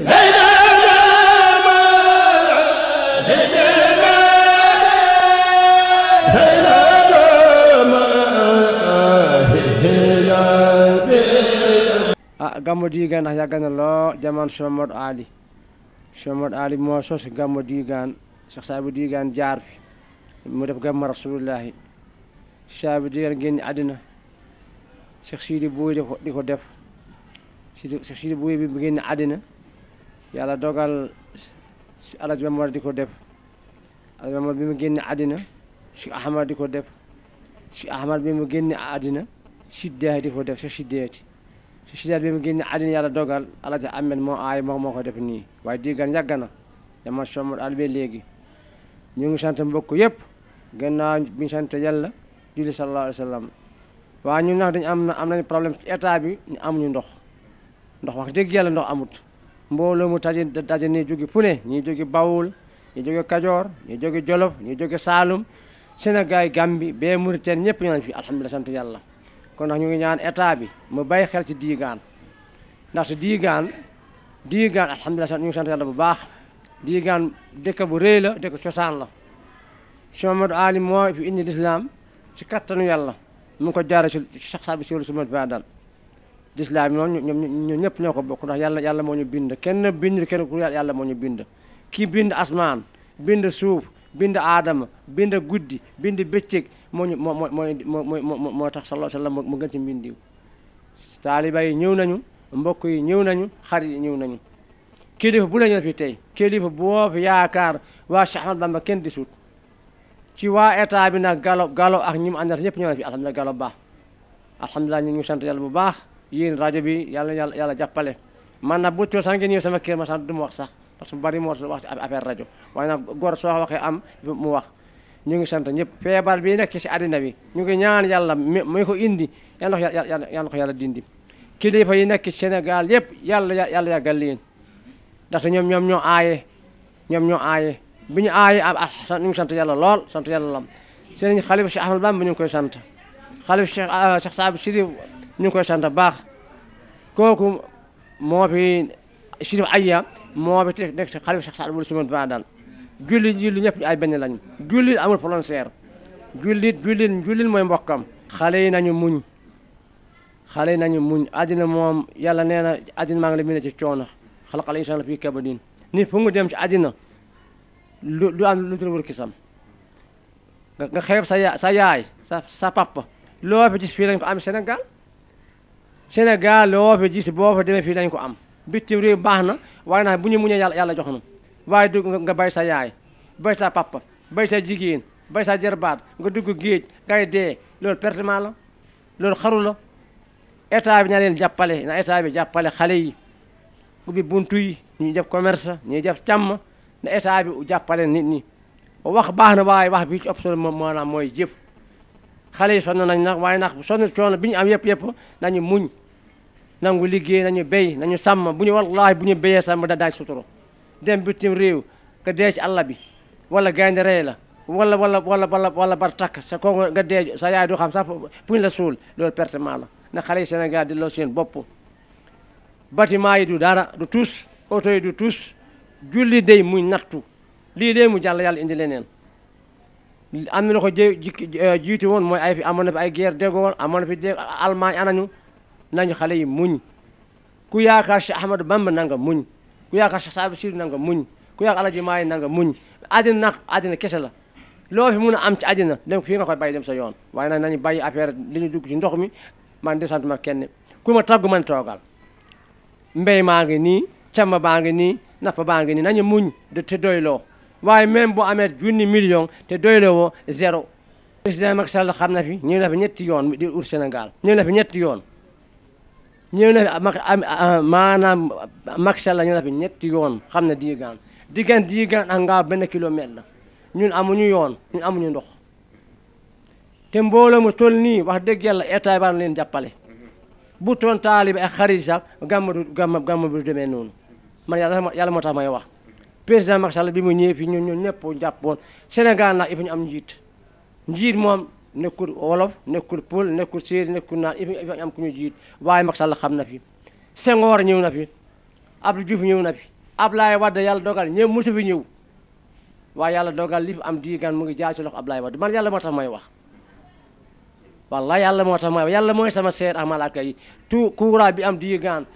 ah gàmmu Diegane ndax yàgg na lool jamono Cheikh Modou Ali Cheikh Modou Ali moo sos gàmmu Diegane Cheikh Saabu Diegane jaar fi mu def gàmmu Rasulullahi Cheikh Saabu Diegane génn àddina Cheikh Sidi Bouy di ko def Cheikh Sidi Bouy bi génn àddina yàlla dogal si alaji Omar di ko def alaji Omar bi mu génne àddina si Ahmad di ko def si Ahmad bi mu génne àddina si Deex di ko def si si Deeti si si Deet bi mu génne àddina yàlla dogal alaji Ahmed moo aay moo ko def nii waaye diigan yàgg na dama somar al be léegi ñu ngi sant mbokk yëpp gannaaw bi ñu sant yàlla julli sallallahu alayhi wa sallam waaye ñun nag am na am nañu problème ci état bi ñu amuñu ndox ndox wax dëgg yàlla ndox amut mbooloo mu taje daje nii jóge fu ne ñii jóge Bawol Kajoor ñii jóge Jolof ñii jóge Saalum Sénégal Gambie bee Mauritanie ñëpp ñu naan fi alhamdulilah sant yàlla kon ndax ñu ngi ñaan état bi mu bàyyi xel ci diigaan ndax si diigaan diigaan alhamdulilah sant ñu ngi sant bu baax diigaan dëkk bu rëy la dëkk cosaan la si Mamadou Ali moo fi indi lislaam si kattanu yàlla mun ko jaare si sax saa bi siwlu su ma dal lislaam yi noonu ñoom ñëpp ñoo ko bokk ndax yàlla yàlla moo ñu bind kenn bind kenn ku yàlla moo ñu bind kii bind asmaan bind suuf bind aadama bind guddi bind bëccëg moo ñu moo mooy mooy moo tax sallallahu alayhi wasallam mu gën ci mbindiw taaliba yi ñëw nañu mbokk yi ñëw nañu xarit yi ñëw nañu kilifa bu la ñu fi tey kilifa boo fi yaakaar waa Cheikh Ahmad Bamba kenn di suut ci waa état bi nag galo galo ak ñi mu àndal ñëpp ñëw na fi alhamdulilah galo baax alhamdulilah ñu ngi sant yàlla bu baax yéen rajo bi yàlla yàlla yàlla jàppale man nag bu coo sax ngeen ñëw sama kër ma sax du ma wax sax parce que bari moo wax ci rajo waaye nag góor soo waxee am mu wax ñu ngi sant ñëpp feebar bi nekk ci àddina bi ñu ngi ñaan yàlla muy ko indi yàlla na yàlla dindi kilifa yi nekk Sénégal yëpp yàlla yàlla yàggal leen ndaxte ñoom ñoom ñoo aaye ñoom ñoo aaye bi ñu aaye ah, ñu ngi sant yàlla lool sant yàlla lam seen xalifa Cheikh Ahmadou Bamba ñu koy sant xalifa Cheikh ah, Cheikh Saab Sirif ñu ko koy sant baax kooku moo fi Chérif Aya moo fi nekk si xalifa Cheikh Saad Bou Soumaïla Ba daal jullit jullit ñëpp ay benn lañu jullit amul volontaire jullit jullit jullit mooy mbokkam xale yi nañu muñ xale yi nañu muñ àddina moom yàlla nee na àddina maa ngi la mën ci coono xalaqal insaana fii kabadin ni fu dem ci àddina lu lu am lu mu wër kisam nga xeeb sa sa yaay sa sa papa loo fi gis ko am Sénégal Sénégal loo fi gis boo fa demee fii dañ ko am bitim réew baax na waaye nag bu ñu muñee yàlla yàlla jox na waaye dugg nga bay sa yaay bay sa pappa bay sa jigéen bay sa jarbaat nga dugg géej ngay dee loolu pertement la loolu xaru la état bi na leen jàppale na état bi jàppale xale yi ubbi buntu yi ñuy def commerce ñuy def càmm na état bi jàppale nit ñi wax baax na waaye wax bi ci ëpp solo moom maanaam mooy jëf xale yi sonn nañ nag waaye nax sonn coono bi ñu am yëpp yëpp nañu muñ nangu liggéey nañu béy nañu sàmm bu ñu wallaahi bu ñu béyee sàmm da daaj suturo dem bitim réew nga dee ci bi wala gaynde rey la wala wala wala wala wala bar takk sa ko nga dee sa yaay du xam sax fu la suul loolu pertement la na xale yi Sénégal di loo seen bopp bâtiment yi du dara du tuus oto yi du tuus julli day muy nattu lii dee mu jàll yàlla indi leneen am na la ko jiitu woon mooy ay fi amoon na fi ay guerre déggoo amoon na fi nañu xale yi muñ ku yaakaar Cheikh Ahmadou Bamba na nga muñ ku yaakaar Cheikh Saabu Sir na muñ ku yaakaar Alaji Maay na nga muñ àddina nag àddina kese la loo fi mun a am ci àddina dem fii nga koy bàyyi dem sa yoon waaye nag nañu bàyyi affaire li ñu dugg ci ndox mi man de sant ma kenn ku ma tagg man toogal mbéy maa ngi nii càmm baa ngi nii napp baa ngi nii nañu muñ de te doyloo waaye même bu amee junni million te doyloo woo zéro président Macky Sall xam na fi ñëw na ñetti yoon di ur Sénégal ñëw na fi ñetti yoon ñëw na fi maanaam Macky Sall ñëw na fi ñetti yoon xam na diigaan diigaan diigaan ak Ngaabu benn kilomètre la ñun amuñu yoon ñun amuñu ndox te mbooloo mu toll nii wax dëgg yàlla état ba leen jàppale bu toon taalibe ak xarit sax gàmm du gàmm gàmm du demee noonu man yàlla yàlla moo tax may wax président Macky Sall bi mu ñëwee fii ñun ñun ñëpp jàppoon Sénégal nag il faut ñu am njiit njiit moom nekkul wolof nekkul pël nekkul séeréer nekkul naar i am ku ñu jiit waaye Macky Sall xam na fi Senghor ñëw na fi Abdou Diouf ñëw na fi Ablaye Wade yàlla dogal ñëw mosu fi ñëw waaye yàlla dogal li fi am diigaan mu ngi jaar ci loxo Ablaye Wade yàlla moo tax may wax wallaay yàlla moo tax may yàlla mooy sama seer ak ah, malaaka yi tout courant bi am diigaan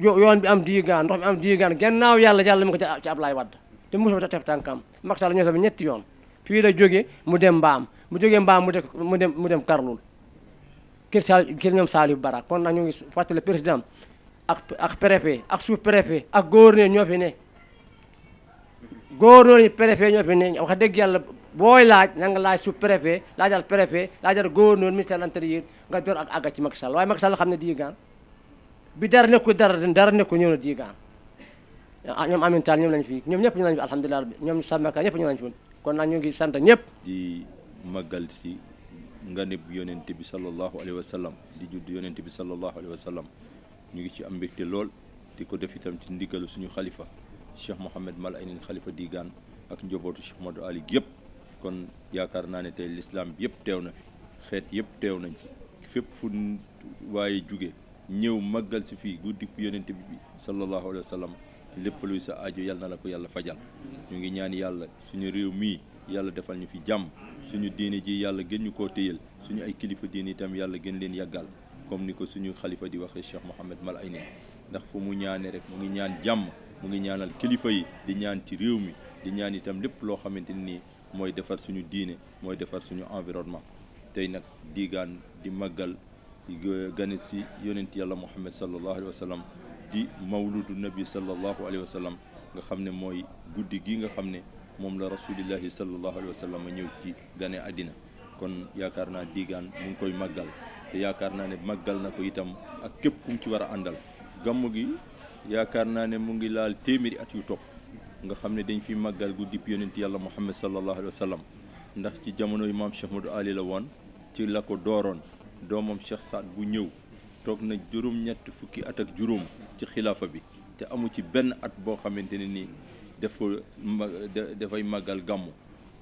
yoon bi am diigaan ndox bi am diigaan gannaaw yàlla yàlla mu ko ci Ablaye Wade te mosu fi teg tànkam Macky Sall ñëw tamit ñetti yoon fii la jóge mu dem mbaam bu jógee mbaam mu dem mu dem mu dem Karlul kër Sal kër ñoom Saliou Bara kon nag ñu ngi fàttali président ak ak préfet ak sous préfet ak gouverneur ñoo fi ne gouverneur yi préfet ñoo fi ne wax dëgg yàlla booy laaj na nga laaj sous préfet laajal préfet laajal gouverneur ministère de nga door ak àgga ci Macky Sall waaye Macky Sall xam ne diigaan bi dara nekkul dara dara nekkul ñëw na diigaan ah, ñoom Amin Tall ñoom lañ fi ñoom ñëpp ñu lañ fi alhamdulilah ñoom Samba Ka ñëpp ñu lañ fi kon nag ñu ngi sant ñëpp. màggal si nga neb yonent bi sallallahu alayhi wa sallam di judd yonent bi sallallahu alayhi wa sallam ñu ngi ci am mbégte lool di ko def itam ci ndigalu suñu xalifa Cheikh Mouhamed Mal Aynin xalifa Digaan ak njobootu Cheikh Modou Ali yëpp kon yaakaar naa ne te lislaam bi yëpp teew na fi xeet yëpp teew nañ fi fépp fu waaye jóge ñëw màggal si fii guddi yonent bi sallallahu alayhi wa sallam lépp luy sa aajo yàlla na la ko yàlla fajal ñu ngi ñaan yàlla suñu réew mii yàlla defal ñu fi jàmm suñu diine ji yàlla gën ñu koo téyal suñu ay kilifa diine itam yàlla gën leen yàggal comme ni ko suñu xalifa di waxee Cheikh mala ay Ayni ndax fu mu ñaanee rek mu ngi ñaan jàmm mu ngi ñaanal kilifa yi di ñaan ci réew mi di ñaan itam lépp loo xamante ni mooy defar suñu diine mooy defar suñu environnement tey nag digaan di màggal gane si yonent yàlla Muhammad sallallahu alayhi wa sallam di mawludu nabi sallallahu alayhi wa sallam nga xam ne mooy guddi gi nga xam ne moom la rasulillahi sallallahu alayhi wa sallam ñëw ci gane àddina kon yaakaar naa diigaan mu ngi koy màggal te yaakaar naa ne màggal na ko itam ak képp ku mu ci war a àndal gàmm gi yaakaar naa ne mu ngi laal téeméeri at yu topp nga xam ne dañ fi màggal guddib yonent yàlla muhammad sallallahu alayhi wa sallam ndax ci jamono yu maam ma Modou Ali la woon ci la ko dooroon doomam Cheikh Saad bu ñëw toog na juróom-ñett fukki at ak juróom ci xilaafa bi te amu ci benn at boo xamante ne nii def dafay màggal gàmmu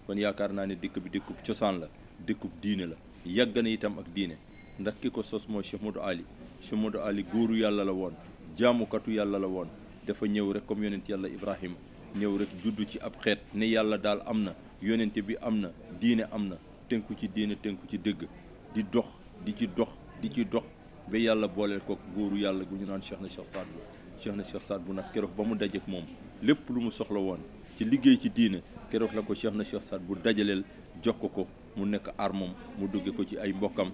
kon yaakaar naa ne dëkk bi dëkkub cosaan la dëkkub diine la yàgg na itam ak diine ndax ki ko sos moo Cheikh Modou Ali Cheikh Modou Ali góoru yàlla la woon jaamukatu yàlla la woon dafa ñëw rek comme yonent yàlla Ibrahima ñëw rek juddu ci ab xeet ne yàlla daal am na yonent bi am na diine am na tënku ci diine tënku ci dëgg di dox di ci dox di ci dox ba yàlla booleel ko góoru yàlla gu ñu naan Cheikh na Cheikh Saad bu Cheikh na Cheikh Saad bu nag keroog ba mu dajeek moom lépp lu mu soxla woon ci liggéey ci diine keroog la ko Cheikh na Cheikh Saad bu dajaleel jox ko ko mu nekk armam mu dugge ko ci ay mbokkam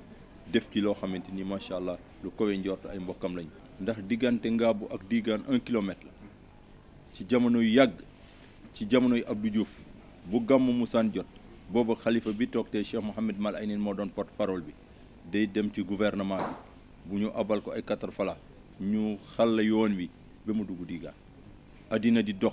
def ci loo xamante ni macha allah lu kowe njort ay mbokkam lañ ndax diggante nga bu ak diigaan un kilomètre la ci jamono yu yàgg ci jamono yu Abdou Diouf bu gàmm musaan jot booba xalifa bi toog te Cheikh Mouhamed Mal ay nen moo doon porte parole bi day dem ci gouvernement bi bu ñu abal ko ay quatre fala ñu xalla yoon wi ba mu dugg diigaan àddina di dox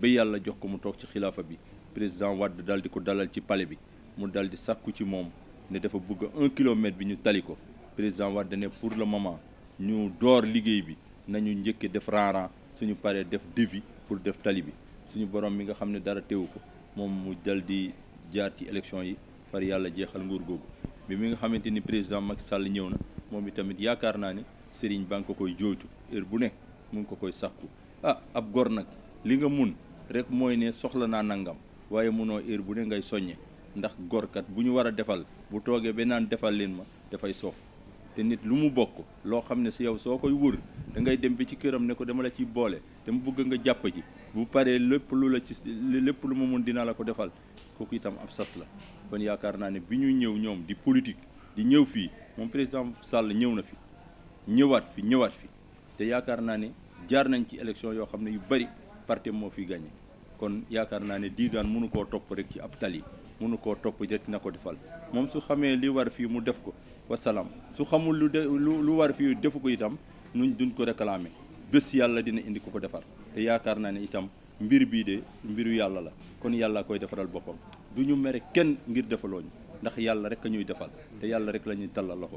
ba yàlla jox ko mu toog ci xilaafa bi président Wade daal di ko dalal ci pale bi mu daal di sàkku ci moom ne dafa bëgg un kilomètre bi ñu tali ko président Wade ne pour le moment ñu door liggéey bi nañu njëkk def rang suñu paree def devis pour def tali bi suñu borom mi nga xam ne dara teewu ko moom mu dal di jaar ci élection yi far yàlla jeexal nguur googu bi mi nga xamante ni président mag Sall ñëw na moom itamit yaakaar naa ne Serigne ba ko koy jooytu heure bu ne mu ngi ko koy sàkku a ah, ab gor nag li nga mun rek mooy ne soxla naa nangam waaye munoo heure bu ne ngay soññe ndax gorkat bu ñu war a defal bu toogee ba defal leen ma dafay soof te nit lu mu bokk loo xam ne si yow soo koy wër da ngay dem bi ci këram ne ko dama la ciy boole dama bëgg nga jàpp ji bu paree lépp lu la ci lépp lu ma mun dinaa la ko defal kooku itam ab sas la kon yaakaar naa ne bi ñuy ñëw ñoom di politique di ñëw fii moom président Sall ñëw na fi ñëwaat fi ñëwaat fi yaakaar naa ne jaar nañ ci élection yoo xam ne yu bëri parti moo fi gagné kon yaakaar naa ne diigaan mënu koo topp rek ci ab tali mënu koo topp rek na ko defal moom su xamee li war fii mu def ko wasalaam su xamul lu de lu lu war fii defu ko itam nuñ duñ ko réclamer bés yàlla dina indi ko ko defar te yaakaar naa ne itam mbir bii de mbiru yàlla la kon yàlla a koy defaral boppam du ñu mere kenn ngir defaloo ñu ndax yàlla rek a ñuy defal te yàlla rek lañuy ñuy tallal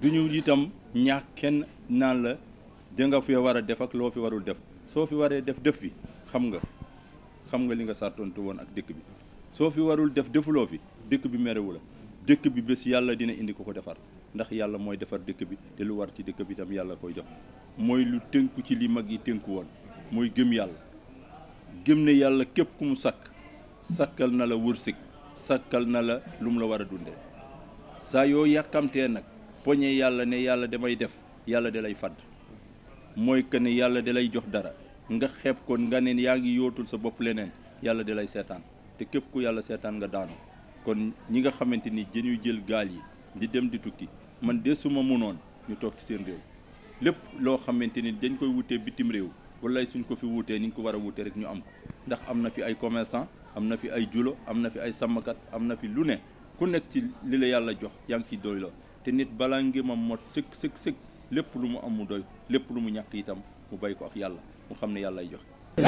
du ñu itam kenn naan la. jënga nga fi war a def ak loo fi warul def soo fi waree def def fi xam nga xam nga li nga sartontu woon ak dëkk bi soo fi warul def defuloo fi dëkk bi merewu la dëkk bi bés yàlla dina indi ko ko defar ndax yàlla mooy defar dëkk bi te lu war ci dëkk bi tam yàlla koy jox mooy lu tënku ci li mag yi tënku woon mooy gëm yàlla gëm ne yàlla képp ku mu sakk sakkal na la wërsëg sakkal na la lu mu la war a dundee saa yoo yàkkamtee nag poñe yàlla ne yàlla damay def yàlla da lay fadd mooy que ne yàlla da lay jox dara nga xepp ko nga ne yaa ngi yootul sa bopp leneen yàlla da lay seetaan te képp ku yàlla seetaan nga daanu kon ñi nga xamante ni jën yu jël gaal yi di dem di tukki man de su ma mënoon ñu toog ci seen réew lépp loo xamante ni dañ koy wutee bitim réew wallaay suñ ko fi wutee ni ñu ko war a wutee rek ñu am ko ndax am na fi ay commerçant am na fi ay julo am na fi ay sàmmkat am na fi lu ne ku nekk ci li la yàlla jox yaa ngi ciy doyloo te nit balaa ngi ma mot sëkk sëkk sëkk lépp lu mu am mu doy lépp lu mu ñàkk itam mu bay ko ak yàlla mu xam ne yàlla ay joxe